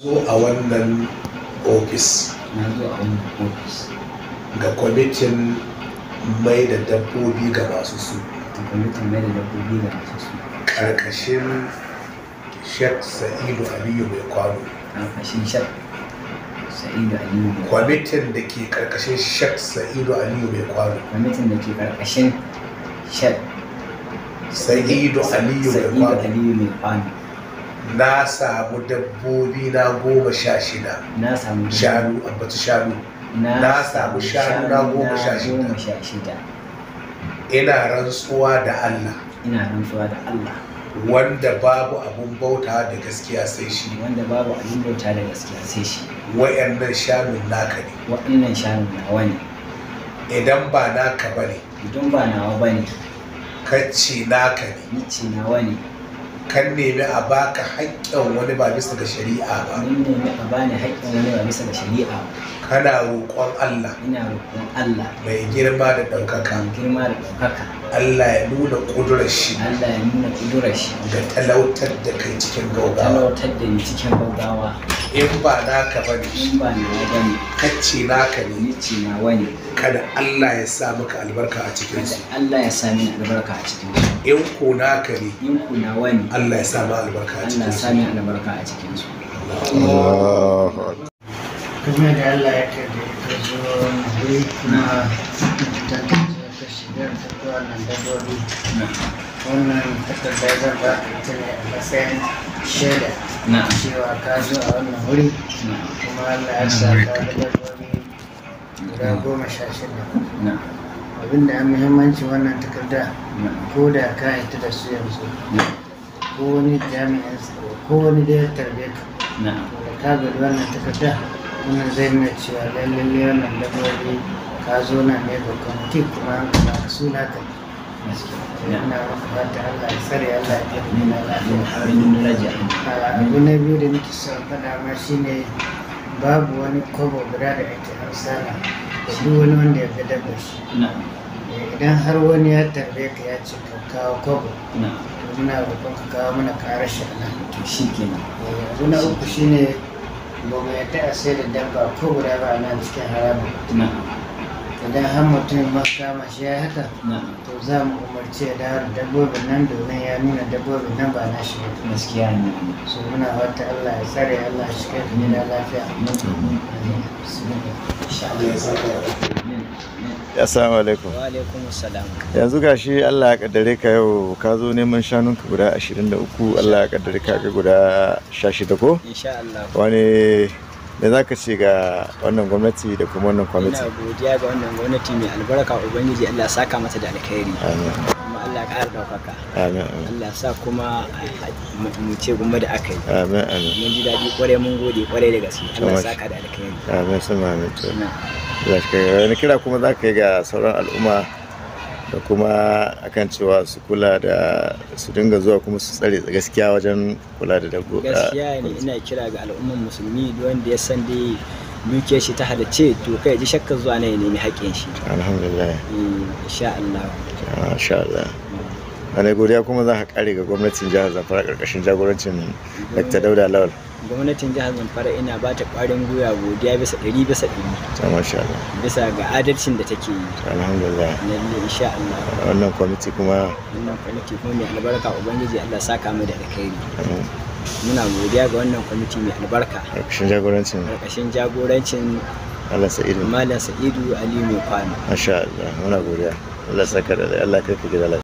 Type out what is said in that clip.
zo a wannan ofis ga kwamitin mai da dabbobi ga masu su karkashin shek sa'idu aliyu mai kwano kwamitin da ke karkashin shek sa'idu aliyu mai kwano kwamitin da ke karkashin shek sa'idu aliyu mai kwano na samu dabbobi na goma sha shida shanu ambata shanu na samu shanu na goma sha shida ina rantsuwa da Allah ina rantsuwa da Allah wanda babu abun bauta da gaskiya sai shi wanda babu abun bauta da gaskiya sai shi wayannan shanu naka ne wayannan shanu nawa ne idan ba naka bane idan ba nawa bane kacce naka ne Kacce nawa ne kan nemi a baka haƙƙin wani ba bisa ga shari'a ba ni nemi a bani haƙƙin wani ba bisa ga shari'a ba kana roƙon Allah ina roƙon Allah mai girma da ɗaukaka mai girma da ɗaukaka Allah ya nuna kudurar shi Allah ya nuna kudurar shi da talautar da kai cikin gaugawa talautar da ni cikin gaugawa in ba naka bane in ba na bane kacce naka ne ni ce na wani kada Allah ya sa maka albarka a cikin su Allah ya sa mini albarka a cikin su in ko naka ne in ku na wani Allah ya sa ma albarka a cikin su Allah ya sa mini albarka a cikin su Allahu akbar kuma da Allah ya kaddara ka zo na kuma ta ta shigar ta ta wannan dabbobi wannan takardar zan ba a ita ne a matsayin shaida ka zo a wannan wuri kuma Allah ya sa ka da dabbobi guda goma sha shida abinda an muhimmanci wannan takarda ko da ka ita da su yanzu ko wani jami'in tsaro ko wani da ya tarbe ka da ka wannan wannan cewa lallai wannan dabbobi ka zo na ne babban mutum kuma kuma suna ka na biyu da nake son faɗa ma shine babu wani kobo guda da ake amsa na duk wani wanda ya fi dabar shi eh, idan har wani ya tarbe ka ya ce ka kawo kobo muna roƙon ka kawo mana kara shi shi kenan yanzu eh, na uku shine ba mu yadda a sai da dabba ko guda ba nan cikin haramun idan har mutum ma kama shi ya haka to za mu umarci ya dawo dabbobin nan domin ya nuna dabbobin nan ba na shi ne gaskiya ne so muna wata Allah ya tsare Allah shi kai da gida lafiya Assalamu alaikum. Wa alaikum assalam. Yanzu gashi Allah ya kaddare ka yau ka zo neman shanunka guda 23 Allah ya kaddare ka ga guda 16 ko? Insha Allah. Wani me za ka ce ga wannan gwamnati da kuma wannan kwamiti ina godiya ga wannan gwamnati mai albarka ubangiji Allah saka mata da alkhairi amin kuma Allah ƙara daukaka amin Allah sa kuma mu ce gumma da aka yi amin amin mun ji daɗi kwarai mun gode kwarai da gaske Allah saka da alkhairi amin sama amin to za ka kira kuma za ka yi ga sauran al'umma da kuma akan cewa su kula da su dinga zuwa kuma su tsare gaskiya wajen kula da dabbo ah, gaskiya ne ina kira ga al'ummar musulmi wanda ya san da dukiyar shi ta halace to kai ji shakka zuwa ne nemi haƙƙin shi alhamdulillah eh, insha Allah insha Allah hmm. a godiya kuma za ka kare ga gwamnatin jihar Zamfara karkashin jagorancin Dr. Dauda Lawal gwamnatin jihar zamfara ina ba ta ƙwarin gwiwa godiya bisa ɗari bisa ɗari bisa ga adalcin da take yi alhamdulillah lalle insha Allah wannan kwamiti kuma wannan kwamiti kuma mai albarka ubangiji Allah sa kamu da alkhairi muna godiya ga wannan kwamiti mai albarka ƙarƙashin jagorancin ƙarƙashin jagorancin Allah Sa'idu Malam Sa'idu Ali mai kwano masha Allah muna godiya Allah saka da Allah kai ka gida